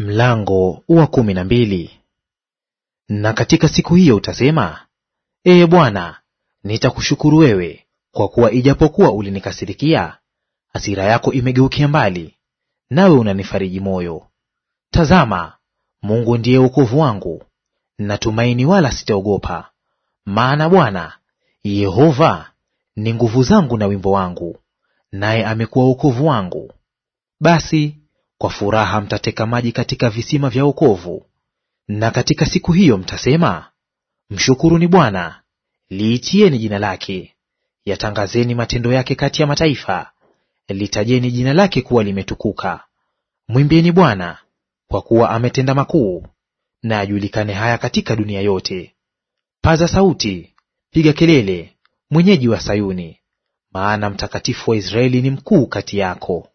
Mlango wa kumi na mbili. Na katika siku hiyo utasema, Ee Bwana, nitakushukuru wewe, kwa kuwa ijapokuwa ulinikasirikia, hasira yako imegeukia mbali, nawe unanifariji moyo. Tazama, Mungu ndiye wokovu wangu, natumaini wala sitaogopa. Maana Bwana Yehova ni nguvu zangu na wimbo wangu, naye amekuwa wokovu wangu. Basi kwa furaha mtateka maji katika visima vya wokovu, na katika siku hiyo mtasema, mshukuruni Bwana, liitieni jina lake. Yatangazeni matendo yake kati ya mataifa, litajeni jina lake kuwa limetukuka. Mwimbieni Bwana, kwa kuwa ametenda makuu, na ajulikane haya katika dunia yote. Paza sauti, piga kelele, mwenyeji wa Sayuni, maana mtakatifu wa Israeli ni mkuu kati yako.